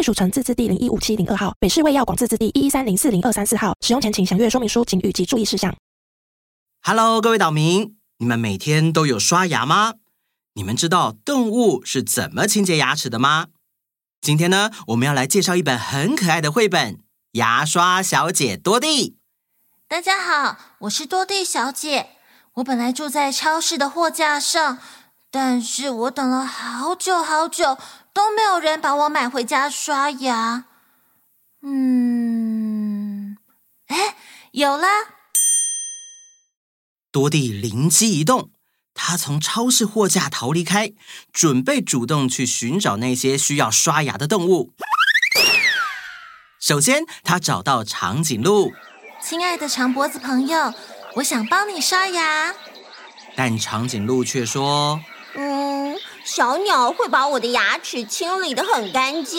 貴屬城自製第零一五七零二號，北市衛藥廣自制第一一三零四零二三四號。使用前請詳閱說明書警語及注意事項。Hello, 各位島民，你們每天都有刷牙嗎？你們知道動物是怎麼清潔牙齒的嗎？今天呢，我們要來介紹一本很可愛的繪本《牙刷小姐多蒂》。大家好，我是多蒂小姐，我本來住在超市的貨架上。但是我等了好久好久，都沒有人把我買回家刷牙。嗯，哎，有了！多蒂靈機一動，她從超市貨架逃離開，準備主動去尋找那些需要刷牙的動物。首先，她找到長頸鹿，親愛的長脖子朋友，我想幫你刷牙。但長頸鹿卻說。小鳥會把我的牙齒清理得很乾淨，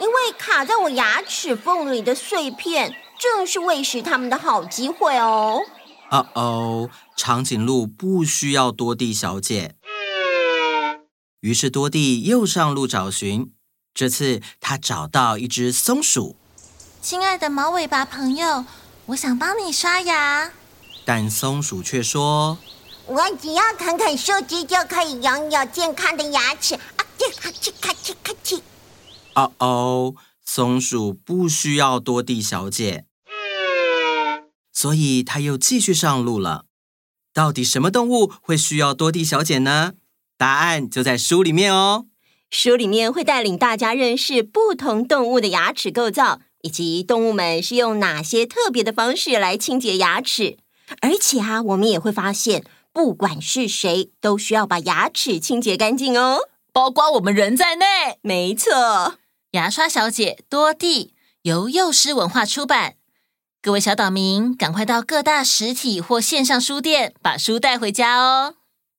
因為卡在我牙齒縫裡的碎片正是餵食它們的好機會哦。哦哦，長頸鹿不需要多蒂小姐。於是多蒂又上路找尋，這次她找到一隻松鼠。親愛的毛尾巴朋友，我想幫你刷牙。但松鼠卻說。我只要啃啃樹枝就可以擁有健康的牙齒，啊，咔哧咔哧咔哧咔哧。哦哦，uh-oh, 松鼠不需要多蒂小姐，所以它又繼續上路了。到底什麼動物會需要多蒂小姐呢？答案就在書裡面哦。書裡面會帶領大家認識不同動物的牙齒構造，以及動物們是用哪些特別的方式來清潔牙齒。而且啊，我們也會發現。不管是誰，都需要把牙齒清潔乾淨哦，包括我們人在內。沒錯，《牙刷小姐多蒂》由幼獅文化出版，各位小島民，趕快到各大實體或線上書店把書帶回家哦。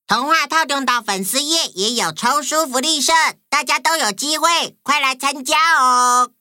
童話透中島粉絲頁也有抽書福利社，大家都有機會，快來參加哦！